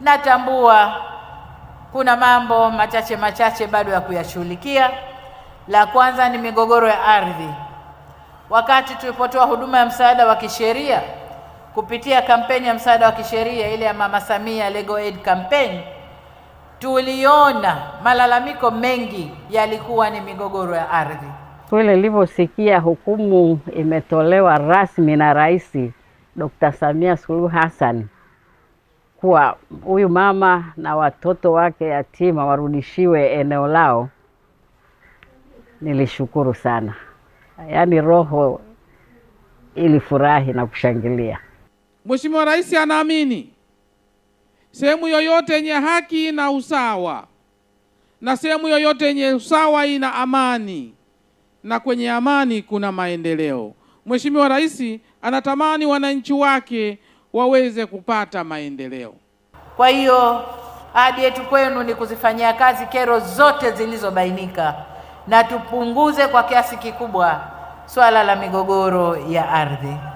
Natambua kuna mambo machache machache bado ya kuyashughulikia. La kwanza ni migogoro ya ardhi. Wakati tulipotoa huduma ya msaada wa kisheria kupitia kampeni ya msaada wa kisheria ile ya Mama Samia Legal Aid Campaign, tuliona malalamiko mengi yalikuwa ni migogoro ya ardhi. Kweli nilivyosikia hukumu imetolewa rasmi na Rais Dr. Samia Suluhu Hassan kuwa huyu mama na watoto wake yatima warudishiwe eneo lao, nilishukuru sana, yaani roho ilifurahi na kushangilia. Mheshimiwa Rais anaamini sehemu yoyote yenye haki ina usawa, na sehemu yoyote yenye usawa ina amani, na kwenye amani kuna maendeleo. Mheshimiwa Rais anatamani wananchi wake waweze kupata maendeleo. Kwa hiyo ahadi yetu kwenu ni kuzifanyia kazi kero zote zilizobainika na tupunguze kwa kiasi kikubwa swala la migogoro ya ardhi.